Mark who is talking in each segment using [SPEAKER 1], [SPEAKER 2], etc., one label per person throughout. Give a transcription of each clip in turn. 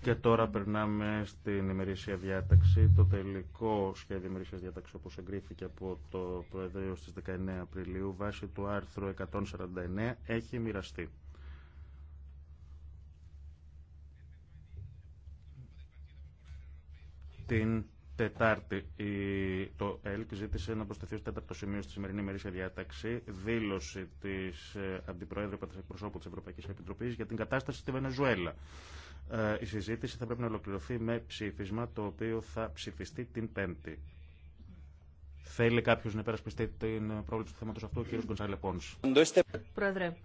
[SPEAKER 1] Και τώρα περνάμε στην ημερήσια διάταξη. Το τελικό σχέδιο ημερήσια διάταξη όπως εγκρίθηκε από το Προεδρείο στις 19 Απριλίου βάσει του άρθρου 149 έχει μοιραστεί. Την Τετάρτη το ΕΛΚ ζήτησε να προσθεθεί ω τέταρτο σημείο στη σημερινή ημερήσια διάταξη δήλωση τη ε, Αντιπροέδρου Εκπροσώπου τη Ευρωπαϊκή Επιτροπή για την κατάσταση στη Βενεζουέλα. Ε, η συζήτηση θα πρέπει να ολοκληρωθεί με ψήφισμα το οποίο θα ψηφιστεί την Πέμπτη. Θέλει κάποιο να υπερασπιστεί την ε, πρόβλεψη του θέματο αυτού, ο κ. Γκονσάλε
[SPEAKER 2] Πρόεδρε,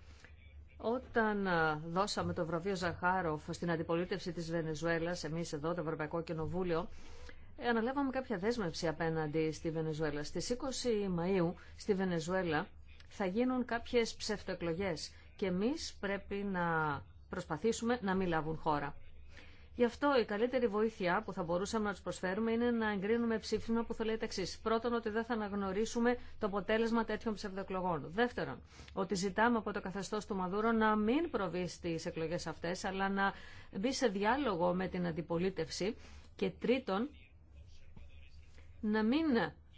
[SPEAKER 2] όταν δώσαμε το βραβείο Ζαχάροφ στην αντιπολίτευση τη Βενεζουέλα, εμεί εδώ, το Ευρωπαϊκό Κοινοβούλιο, αναλάβαμε κάποια δέσμευση απέναντι στη Βενεζουέλα. Στις 20 Μαΐου στη Βενεζουέλα θα γίνουν κάποιες ψευτοεκλογές και εμείς πρέπει να προσπαθήσουμε να μην λάβουν χώρα. Γι' αυτό η καλύτερη βοήθεια που θα μπορούσαμε να του προσφέρουμε είναι να εγκρίνουμε ψήφισμα που θα λέει τα εξή. Πρώτον, ότι δεν θα αναγνωρίσουμε το αποτέλεσμα τέτοιων ψευδοεκλογών. Δεύτερον, ότι ζητάμε από το καθεστώ του Μαδούρο να μην προβεί στι εκλογέ αυτέ, αλλά να μπει σε διάλογο με την αντιπολίτευση. Και τρίτον, να μην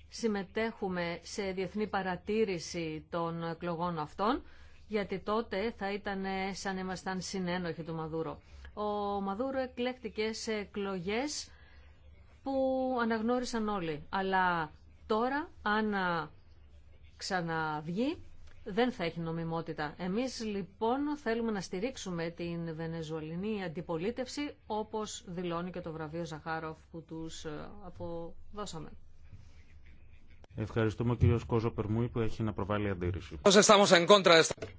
[SPEAKER 2] συμμετέχουμε σε διεθνή παρατήρηση των εκλογών αυτών, γιατί τότε θα ήταν σαν ήμασταν συνένοχοι του Μαδούρο. Ο Μαδούρο εκλέχτηκε σε εκλογές που αναγνώρισαν όλοι. Αλλά τώρα, αν ξαναβγεί, δεν θα έχει νομιμότητα. Εμείς λοιπόν θέλουμε να στηρίξουμε την βενεζουαλινή αντιπολίτευση όπως δηλώνει και το βραβείο Ζαχάροφ που τους ε, αποδώσαμε.
[SPEAKER 1] Ευχαριστούμε ο κύριος Κόζο Περμούη που έχει να προβάλλει αντίρρηση.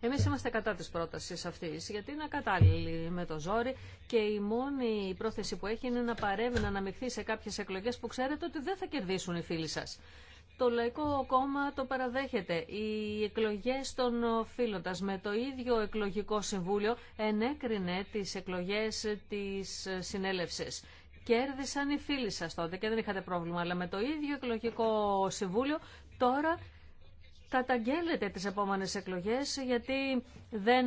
[SPEAKER 2] Εμείς είμαστε κατά της πρότασης αυτής γιατί είναι ακατάλληλη με το ζόρι και η μόνη πρόθεση που έχει είναι να παρεύει να αναμειχθεί σε κάποιες εκλογές που ξέρετε ότι δεν θα κερδίσουν οι φίλοι σας το Λαϊκό Κόμμα το παραδέχεται. Οι εκλογές των φίλοντας με το ίδιο εκλογικό συμβούλιο ενέκρινε τις εκλογές της συνέλευσης. Κέρδισαν οι φίλοι σας τότε και δεν είχατε πρόβλημα, αλλά με το ίδιο εκλογικό συμβούλιο τώρα καταγγέλλετε τις επόμενες εκλογές γιατί δεν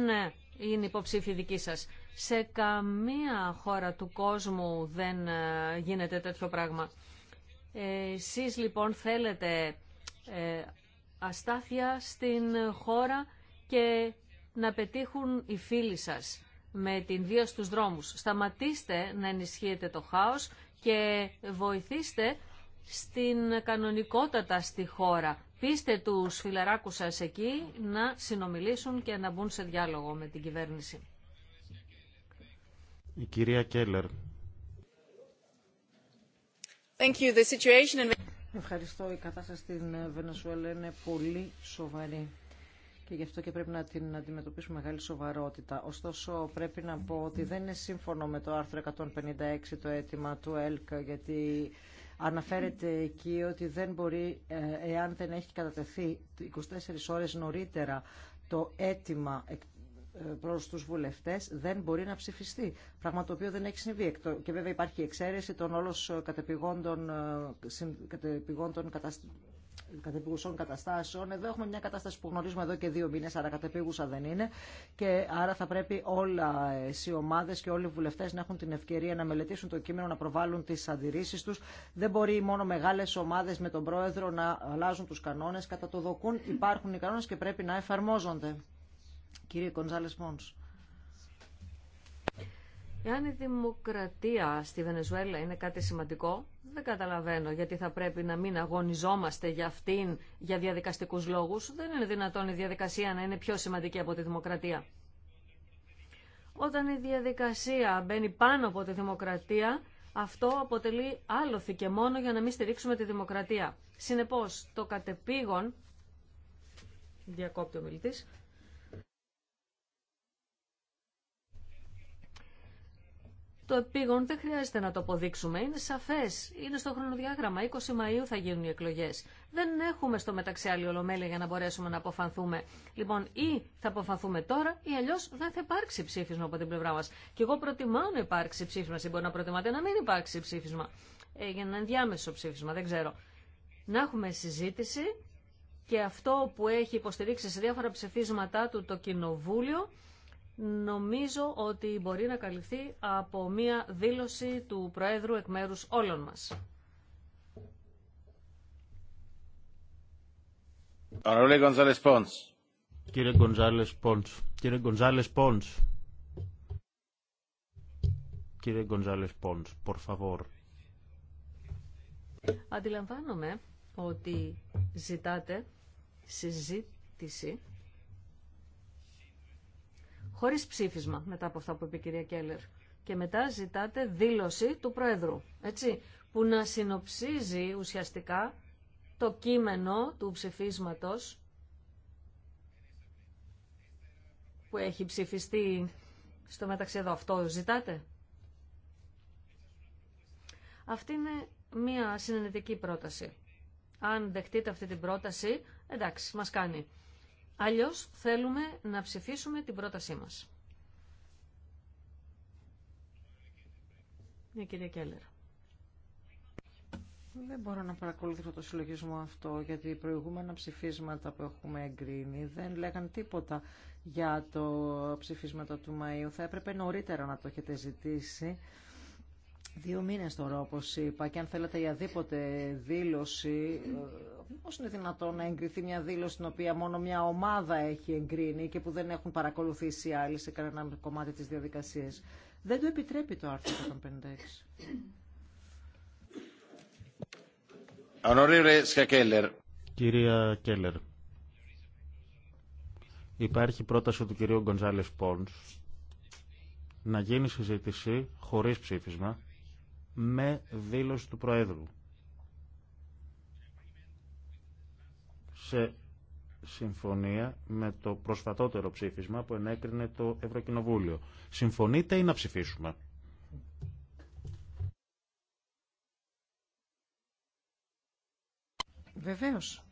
[SPEAKER 2] είναι υποψήφιοι δικοί σας. Σε καμία χώρα του κόσμου δεν ε, γίνεται τέτοιο πράγμα. Εσείς λοιπόν θέλετε ε, αστάθεια στην χώρα και να πετύχουν οι φίλοι σας με την βία στους δρόμους. Σταματήστε να ενισχύετε το χάος και βοηθήστε στην κανονικότατα στη χώρα. Πείστε τους φιλαράκους σας εκεί να συνομιλήσουν και να μπουν σε διάλογο με την κυβέρνηση. Η κυρία Ευχαριστώ. Η κατάσταση
[SPEAKER 3] στην Βενεσουέλα είναι πολύ σοβαρή και γι' αυτό και πρέπει να την αντιμετωπίσουμε μεγάλη σοβαρότητα. Ωστόσο, πρέπει να πω ότι δεν είναι σύμφωνο με το άρθρο 156 το αίτημα του ΕΛΚ, γιατί αναφέρεται εκεί ότι δεν μπορεί, ε, εάν δεν έχει κατατεθεί 24 ώρες νωρίτερα το αίτημα εκ Προ του βουλευτέ, δεν μπορεί να ψηφιστεί. Πράγμα το οποίο δεν έχει συμβεί. Και βέβαια υπάρχει η εξαίρεση των όλων ε, κατεπηγόντων, ε, κατεπηγόντων κατεπηγουσών καταστάσεων. Εδώ έχουμε μια κατάσταση που γνωρίζουμε εδώ και δύο μήνε, άρα κατεπήγουσα δεν είναι. Και άρα θα πρέπει όλε οι ομάδε και όλοι οι βουλευτέ να έχουν την ευκαιρία να μελετήσουν το κείμενο, να προβάλλουν τι αντιρρήσει του. Δεν μπορεί μόνο μεγάλε ομάδε με τον πρόεδρο να αλλάζουν του κανόνε, Κατά το δοκούν υπάρχουν οι κανόνε και πρέπει να εφαρμόζονται. Κύριε
[SPEAKER 2] Κονζάλες Μόνς. Εάν η δημοκρατία στη Βενεζουέλα είναι κάτι σημαντικό, δεν καταλαβαίνω γιατί θα πρέπει να μην αγωνιζόμαστε για αυτήν για διαδικαστικούς λόγους. Δεν είναι δυνατόν η διαδικασία να είναι πιο σημαντική από τη δημοκρατία. Όταν η διαδικασία μπαίνει πάνω από τη δημοκρατία, αυτό αποτελεί άλοθη και μόνο για να μην στηρίξουμε τη δημοκρατία. Συνεπώς, το κατεπήγον, διακόπτει ο μιλητής, το επίγον δεν χρειάζεται να το αποδείξουμε. Είναι σαφέ. Είναι στο χρονοδιάγραμμα. 20 Μαου θα γίνουν οι εκλογέ. Δεν έχουμε στο μεταξύ άλλη ολομέλεια για να μπορέσουμε να αποφανθούμε. Λοιπόν, ή θα αποφανθούμε τώρα, ή αλλιώ δεν θα υπάρξει ψήφισμα από την πλευρά μα. Και εγώ προτιμάω να υπάρξει ψήφισμα. Εσύ μπορεί να προτιμάτε να μην υπάρξει ψήφισμα. Ε, για ένα ενδιάμεσο ψήφισμα, δεν ξέρω. Να έχουμε συζήτηση και αυτό που έχει υποστηρίξει σε διάφορα ψηφίσματά του το Κοινοβούλιο νομίζω ότι μπορεί να καλυφθεί από μία δήλωση του Προέδρου εκ μέρους όλων μας.
[SPEAKER 1] Κύριε Γκονζάλες Πόντς. Κύριε Γκονζάλες Πόντς. Κύριε Γκονζάλες Πόντς, por favor.
[SPEAKER 2] Αντιλαμβάνομαι ότι ζητάτε συζήτηση χωρίς ψήφισμα μετά από αυτά που είπε η κυρία Κέλλερ. Και μετά ζητάτε δήλωση του Πρόεδρου, έτσι, που να συνοψίζει ουσιαστικά το κείμενο του ψηφίσματος που έχει ψηφιστεί στο μεταξύ εδώ. Αυτό ζητάτε. Αυτή είναι μια συνενετική πρόταση. Αν δεχτείτε αυτή την πρόταση, εντάξει, μας κάνει. Αλλιώς θέλουμε να ψηφίσουμε την πρότασή μας. Μια ναι, Κέλλερ.
[SPEAKER 3] Δεν μπορώ να παρακολουθήσω το συλλογισμό αυτό, γιατί οι προηγούμενα ψηφίσματα που έχουμε εγκρίνει δεν λέγαν τίποτα για το ψηφίσματα του Μαΐου. Θα έπρεπε νωρίτερα να το έχετε ζητήσει Δύο μήνες τώρα, όπως είπα, και αν θέλετε για δίποτε δήλωση, ε, πώς είναι δυνατόν να εγκριθεί μια δήλωση την οποία μόνο μια ομάδα έχει εγκρίνει και που δεν έχουν παρακολουθήσει οι άλλοι σε κανένα κομμάτι της διαδικασίας. Δεν το επιτρέπει το άρθρο 156.
[SPEAKER 1] Κυρία Κέλλερ, υπάρχει πρόταση του κυρίου Γκονζάλης Πόνς να γίνει συζήτηση χωρίς ψήφισμα με δήλωση του Προέδρου. Σε συμφωνία με το προσφατότερο ψήφισμα που ενέκρινε το Ευρωκοινοβούλιο. Συμφωνείτε ή να ψηφίσουμε.
[SPEAKER 3] Βεβαίως.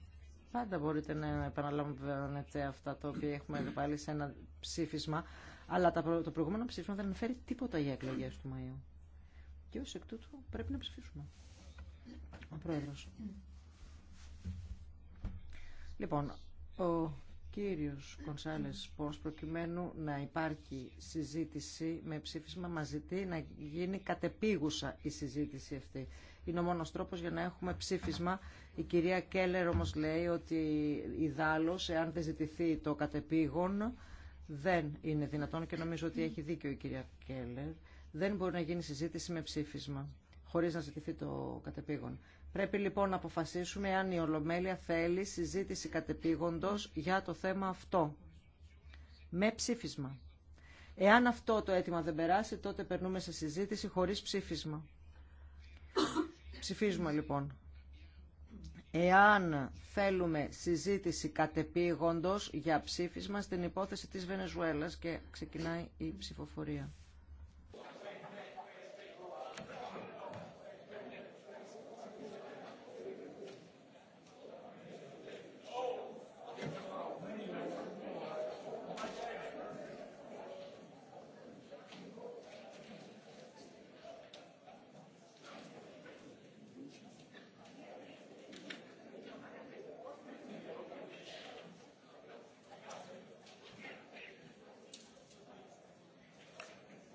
[SPEAKER 3] Πάντα μπορείτε να επαναλαμβάνετε αυτά τα οποία έχουμε πάλι σε ένα ψήφισμα. Αλλά το προηγούμενο ψήφισμα δεν αναφέρει τίποτα για εκλογές του Μαΐου και ως εκ τούτου πρέπει να ψηφίσουμε. Ο Πρόεδρος. Λοιπόν, ο κύριος Κονσάλες Πώς προκειμένου να υπάρχει συζήτηση με ψήφισμα μαζί ζητεί να γίνει κατεπίγουσα η συζήτηση αυτή. Είναι ο μόνος τρόπος για να έχουμε ψήφισμα. Η κυρία Κέλλερ όμως λέει ότι η Δάλος, εάν δεν ζητηθεί το κατεπήγον, δεν είναι δυνατόν και νομίζω ότι έχει δίκιο η κυρία Κέλλερ δεν μπορεί να γίνει συζήτηση με ψήφισμα, χωρίς να ζητηθεί το κατεπήγον. Πρέπει λοιπόν να αποφασίσουμε αν η Ολομέλεια θέλει συζήτηση κατεπήγοντος για το θέμα αυτό. Με ψήφισμα. Εάν αυτό το αίτημα δεν περάσει, τότε περνούμε σε συζήτηση χωρίς ψήφισμα. Ψηφίζουμε λοιπόν. Εάν θέλουμε συζήτηση κατεπήγοντος για ψήφισμα στην υπόθεση της Βενεζουέλας και ξεκινάει η ψηφοφορία.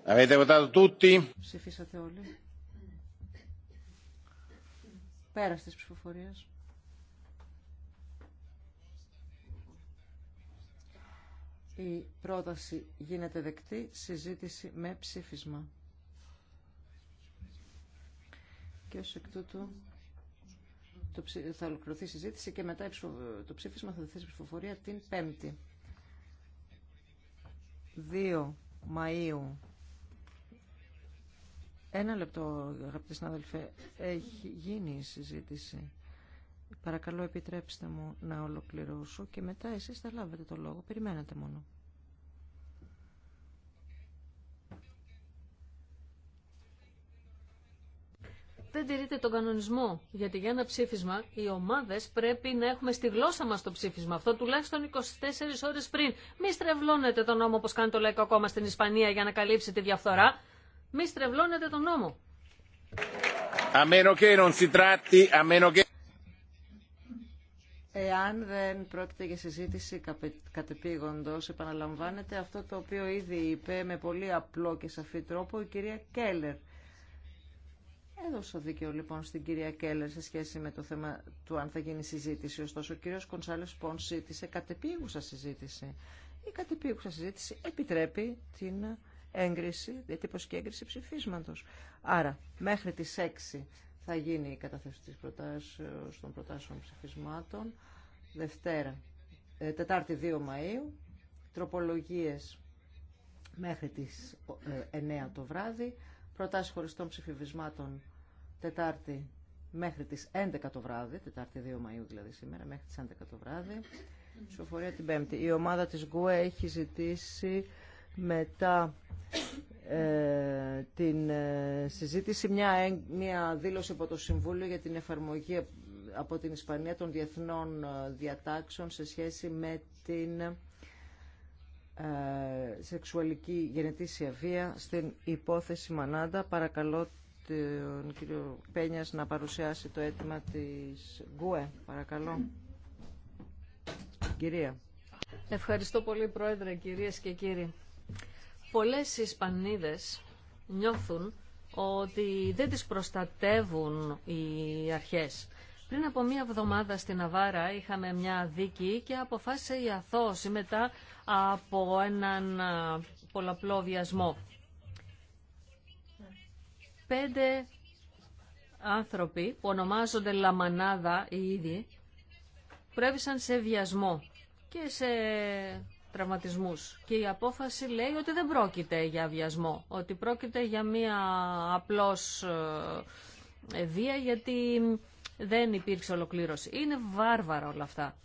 [SPEAKER 1] Avete votato tutti? Ψηφίσατε όλοι.
[SPEAKER 3] Πέρα τη ψηφοφορία. Η πρόταση γίνεται δεκτή, συζήτηση με ψήφισμα. Και ως εκ τούτου το θα ολοκληρωθεί η συζήτηση και μετά το ψήφισμα θα δεθεί ψηφοφορία την 5η. 2 Μαΐου ένα λεπτό, αγαπητοί συνάδελφε. Έχει γίνει η συζήτηση. Παρακαλώ επιτρέψτε μου να ολοκληρώσω και μετά εσείς θα λάβετε το λόγο. Περιμένετε μόνο.
[SPEAKER 2] δεν τηρείται τον κανονισμό. Γιατί για ένα ψήφισμα οι ομάδες πρέπει να έχουμε στη γλώσσα μας το ψήφισμα αυτό τουλάχιστον 24 ώρες πριν. Μη στρεβλώνετε τον νόμο όπως κάνει το Λαϊκό Κόμμα στην Ισπανία για να καλύψει τη διαφθορά. Μη στρεβλώνετε τον νόμο.
[SPEAKER 3] Εάν δεν πρόκειται για συζήτηση κατεπήγοντος, επαναλαμβάνεται αυτό το οποίο ήδη είπε με πολύ απλό και σαφή τρόπο η κυρία Κέλλερ. Έδωσα δίκαιο λοιπόν στην κυρία Κέλλερ σε σχέση με το θέμα του αν θα γίνει συζήτηση. Ωστόσο, ο κύριος Κονσάλες Πόν ζήτησε κατεπήγουσα συζήτηση. Η κατεπήγουσα συζήτηση επιτρέπει την έγκριση, διατύπωση και έγκριση ψηφίσματος. Άρα, μέχρι τις 6 θα γίνει η καταθέση της των προτάσεων ψηφισμάτων. Δευτέρα, ε, Τετάρτη 2 Μαΐου, τροπολογίες μέχρι τις 9 ε, το βράδυ, προτάσεις χωριστών ψηφισμάτων Τετάρτη μέχρι τις 11 το βράδυ, Τετάρτη 2 Μαΐου δηλαδή σήμερα, μέχρι τις 11 το βράδυ, ψηφοφορία την Πέμπτη. Η ομάδα της ΓΚΟΕ έχει ζητήσει μετά ε, την ε, συζήτηση μια, ε, μια δήλωση από το Συμβούλιο για την εφαρμογή από την Ισπανία των διεθνών διατάξεων σε σχέση με την σεξουαλική γενετήσια βία στην υπόθεση Μανάντα. Παρακαλώ τον κύριο Πένιας να παρουσιάσει το αίτημα της ΓΚΟΕ. Παρακαλώ. Κυρία.
[SPEAKER 2] Ευχαριστώ πολύ Πρόεδρε, κυρίες και κύριοι. Πολλές Ισπανίδες νιώθουν ότι δεν τις προστατεύουν οι αρχές. Πριν από μία εβδομάδα στην Αβάρα είχαμε μια δίκη και αποφάσισε η αθώση μετά από έναν πολλαπλό βιασμό. Πέντε άνθρωποι που ονομάζονται Λαμανάδα οι ίδιοι πρέβησαν σε βιασμό και σε και η απόφαση λέει ότι δεν πρόκειται για βιασμό, ότι πρόκειται για μία απλώς ε, βία γιατί δεν υπήρξε ολοκλήρωση. Είναι βάρβαρα όλα αυτά.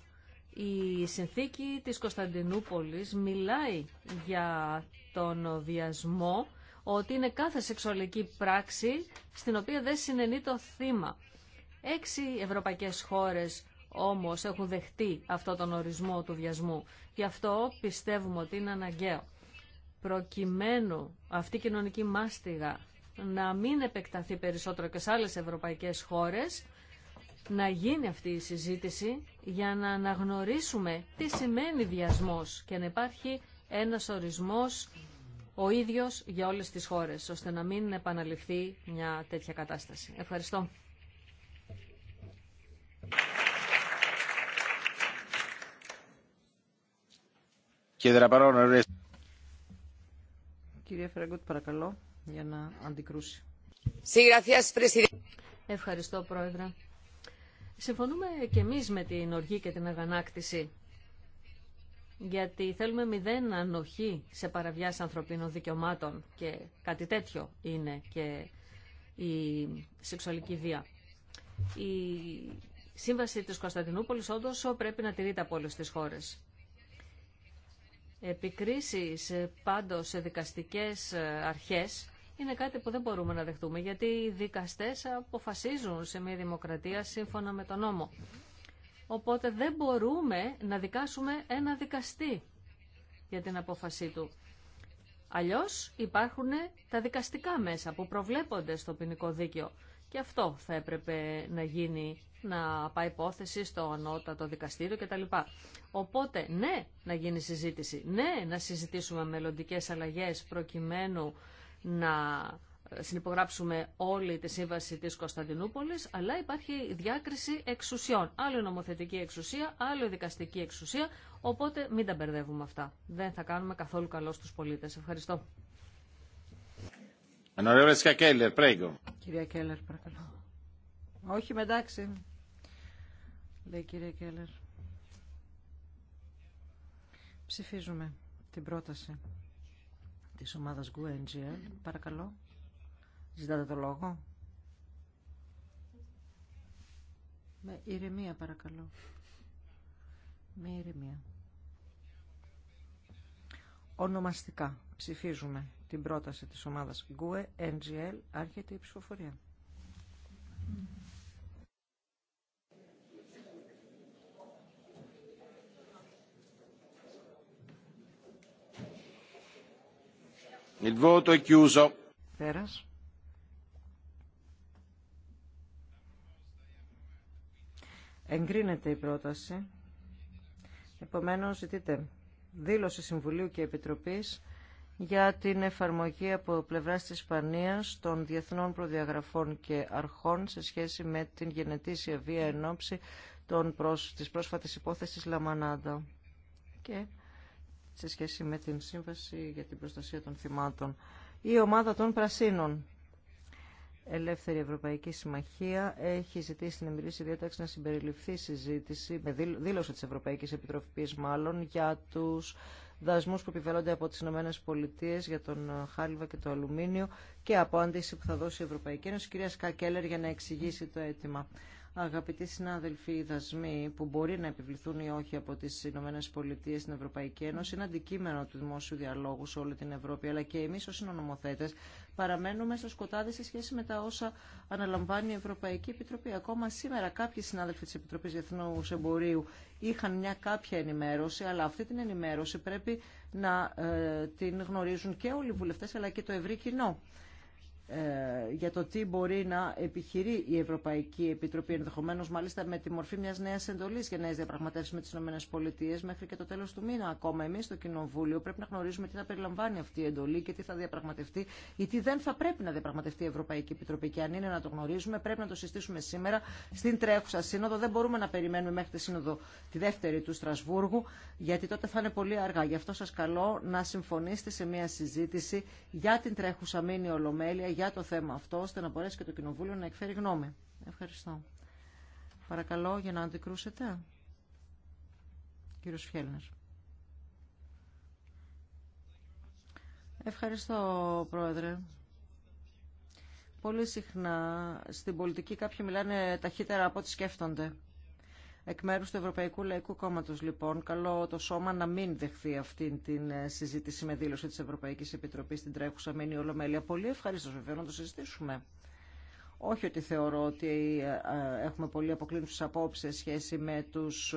[SPEAKER 2] Η συνθήκη της Κωνσταντινούπολης μιλάει για τον βιασμό ότι είναι κάθε σεξουαλική πράξη στην οποία δεν συνενεί το θύμα. Έξι ευρωπαϊκές χώρες όμως έχουν δεχτεί αυτό τον ορισμό του βιασμού. Γι' αυτό πιστεύουμε ότι είναι αναγκαίο. Προκειμένου αυτή η κοινωνική μάστιγα να μην επεκταθεί περισσότερο και σε άλλες ευρωπαϊκές χώρες, να γίνει αυτή η συζήτηση για να αναγνωρίσουμε τι σημαίνει διασμός και να υπάρχει ένας ορισμός ο ίδιος για όλες τις χώρες, ώστε να μην επαναληφθεί μια τέτοια κατάσταση. Ευχαριστώ. Κυρία Φεραγκούτ, παρακαλώ, για να αντικρούσει. Ευχαριστώ, Πρόεδρε. Συμφωνούμε και εμείς με την οργή και την αγανάκτηση, γιατί θέλουμε μηδέν ανοχή σε παραβιάσεις ανθρωπίνων δικαιωμάτων και κάτι τέτοιο είναι και η σεξουαλική βία. Η Σύμβαση της Κωνσταντινούπολης όντως πρέπει να τηρείται από όλες τις χώρες επικρίσεις ε, πάντως σε δικαστικές ε, αρχές είναι κάτι που δεν μπορούμε να δεχτούμε γιατί οι δικαστές αποφασίζουν σε μια δημοκρατία σύμφωνα με τον νόμο. Οπότε δεν μπορούμε να δικάσουμε ένα δικαστή για την απόφασή του. Αλλιώς υπάρχουν τα δικαστικά μέσα που προβλέπονται στο ποινικό δίκαιο. Και αυτό θα έπρεπε να γίνει, να πάει υπόθεση στο ανώτατο δικαστήριο κτλ. Οπότε, ναι, να γίνει συζήτηση. Ναι, να συζητήσουμε μελλοντικέ αλλαγές προκειμένου να ε, συνυπογράψουμε όλη τη σύμβαση της Κωνσταντινούπολης, αλλά υπάρχει διάκριση εξουσιών. Άλλο νομοθετική εξουσία, άλλο δικαστική εξουσία, οπότε μην τα μπερδεύουμε αυτά. Δεν θα κάνουμε καθόλου καλό στους πολίτες. Ευχαριστώ.
[SPEAKER 1] Κυρία
[SPEAKER 3] Κέλλερ, παρακαλώ. Όχι, με εντάξει, λέει η κυρία Κέλλερ. Ψηφίζουμε την πρόταση της ομάδας Γκουέντζιελ, Παρακαλώ, ζητάτε το λόγο. Με ηρεμία, παρακαλώ. Με ηρεμία. Ονομαστικά ψηφίζουμε την πρόταση της ομάδας GUE NGL άρχεται η ψηφοφορία. Il Εγκρίνεται η πρόταση. Επομένως, ζητείτε δήλωση Συμβουλίου και Επιτροπής για την εφαρμογή από πλευρά τη Ισπανία των διεθνών προδιαγραφών και αρχών σε σχέση με την γενετήσια βία εν ώψη προς, της πρόσφατης υπόθεσης Λαμανάντα και σε σχέση με την Σύμβαση για την Προστασία των Θυμάτων. Η ομάδα των Πρασίνων Ελεύθερη Ευρωπαϊκή Συμμαχία έχει ζητήσει την εμμυρίση διάταξη να συμπεριληφθεί συζήτηση με δήλωση της Ευρωπαϊκής Επιτροπής μάλλον για τους δασμούς που επιβάλλονται από τις Ηνωμένες Πολιτείες για τον ε, χάλιβα και το αλουμίνιο και απάντηση που θα δώσει η Ευρωπαϊκή Ένωση. Κυρία Σκακέλερ για να εξηγήσει το αίτημα. Αγαπητοί συνάδελφοι, οι δασμοί που μπορεί να επιβληθούν ή όχι από τι ΗΠΑ στην Ευρωπαϊκή Ένωση είναι αντικείμενο του δημόσιου διαλόγου σε όλη την Ευρώπη, αλλά και εμείς ως συνονομοθέτες παραμένουμε στο σκοτάδι σε σχέση με τα όσα αναλαμβάνει η Ευρωπαϊκή Επιτροπή. Ακόμα σήμερα κάποιοι συνάδελφοι τη Επιτροπή Διεθνούς Εμπορίου είχαν μια κάποια ενημέρωση, αλλά αυτή την ενημέρωση πρέπει να ε, την γνωρίζουν και όλοι οι βουλευτέ, αλλά και το ευρύ κοινό. Ε, για το τι μπορεί να επιχειρεί η Ευρωπαϊκή Επιτροπή, ενδεχομένω μάλιστα με τη μορφή μια νέα εντολή για νέε διαπραγματεύσει με τι ΗΠΑ μέχρι και το τέλο του μήνα. Ακόμα εμεί στο Κοινοβούλιο πρέπει να γνωρίζουμε τι θα περιλαμβάνει αυτή η εντολή και τι θα διαπραγματευτεί ή τι δεν θα πρέπει να διαπραγματευτεί η Ευρωπαϊκή Επιτροπή. Και αν είναι να το γνωρίζουμε, πρέπει να το συστήσουμε σήμερα στην τρέχουσα σύνοδο. Δεν μπορούμε να περιμένουμε μέχρι τη σύνοδο τη δεύτερη του Στρασβούργου, γιατί τότε θα είναι πολύ αργά. Γι' αυτό σα καλώ να συμφωνήσετε σε μια συζήτηση για την τρέχουσα μήνυ ολομέλεια για το θέμα αυτό, ώστε να μπορέσει και το Κοινοβούλιο να εκφέρει γνώμη. Ευχαριστώ. Παρακαλώ για να αντικρούσετε. Κύριος Φιέλνερ. Ευχαριστώ, Πρόεδρε. Πολύ συχνά στην πολιτική κάποιοι μιλάνε ταχύτερα από ό,τι σκέφτονται. Εκ μέρους του Ευρωπαϊκού Λαϊκού Κόμματος, λοιπόν, καλό το σώμα να μην δεχθεί αυτή την ε, συζήτηση με δήλωση της Ευρωπαϊκής Επιτροπής στην τρέχουσα μήνυ Ολομέλεια. Πολύ ευχαριστώ, βέβαια, να το συζητήσουμε. Όχι ότι θεωρώ ότι ε, ε, έχουμε πολύ αποκλίνουσες απόψεις σε σχέση με τους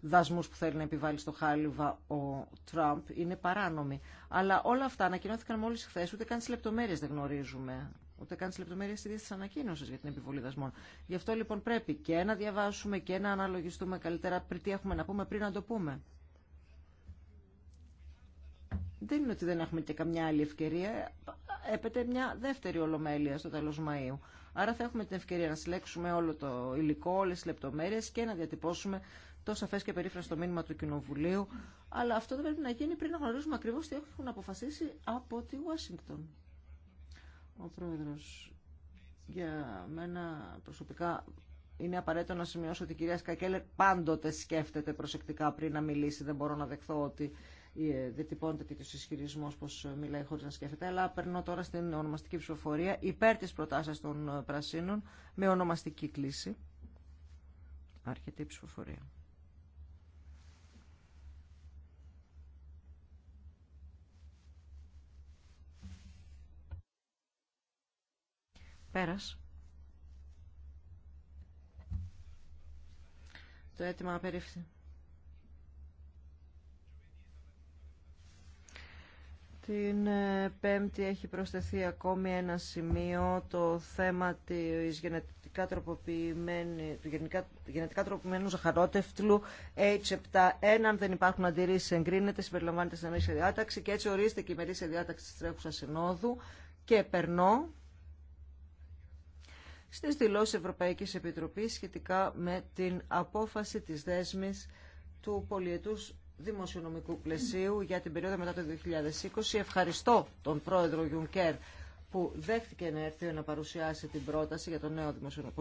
[SPEAKER 3] δασμούς που θέλει να επιβάλλει στο Χάλιβα ο Τραμπ. Είναι παράνομοι. Αλλά όλα αυτά ανακοινώθηκαν μόλις χθε, ούτε καν τις λεπτομέρειες δεν γνωρίζουμε ούτε καν τι λεπτομέρειε τη ίδια για την επιβολή δασμών. Γι' αυτό λοιπόν πρέπει και να διαβάσουμε και να αναλογιστούμε καλύτερα πριν τι έχουμε να πούμε πριν να το πούμε. Δεν είναι ότι δεν έχουμε και καμιά άλλη ευκαιρία. Έπεται μια δεύτερη ολομέλεια στο τέλο Μαΐου. Άρα θα έχουμε την ευκαιρία να συλλέξουμε όλο το υλικό, όλε τι λεπτομέρειε και να διατυπώσουμε το σαφέ και περίφραστο μήνυμα του Κοινοβουλίου. Αλλά αυτό δεν πρέπει να γίνει πριν να γνωρίζουμε ακριβώ τι έχουν αποφασίσει από τη Ουάσιγκτον ο Πρόεδρος. Για μένα προσωπικά είναι απαραίτητο να σημειώσω ότι η κυρία Σκακέλερ πάντοτε σκέφτεται προσεκτικά πριν να μιλήσει. Δεν μπορώ να δεχθώ ότι ε, δεν τυπώνεται τέτοιο ισχυρισμό πω μιλάει χωρί να σκέφτεται. Αλλά περνώ τώρα στην ονομαστική ψηφοφορία υπέρ τη προτάσεω των Πρασίνων με ονομαστική κλίση. Άρχεται η ψηφοφορία. Πέρας. Το αίτημα απερίφθη. 'Την ε, Πέμπτη έχει προσθεθεί ακόμη ένα σημείο, το θέμα της γενετικά του γενικά, γενετικά τροποποιημένου ζαχαρότευτλου 7 Αν δεν υπάρχουν αντιρρήσεις εγκρίνεται, συμπεριλαμβάνεται στην μερίσια διάταξη και έτσι ορίζεται και η μερίσια διάταξη τη τρέχουσα συνόδου και περνώ στις δηλώσεις Ευρωπαϊκής Επιτροπής σχετικά με την απόφαση της δέσμης του πολιετούς δημοσιονομικού πλαισίου για την περίοδο μετά το 2020. Ευχαριστώ τον πρόεδρο Γιουνκέρ που δέχτηκε να έρθει να παρουσιάσει την πρόταση για το νέο δημοσιονομικό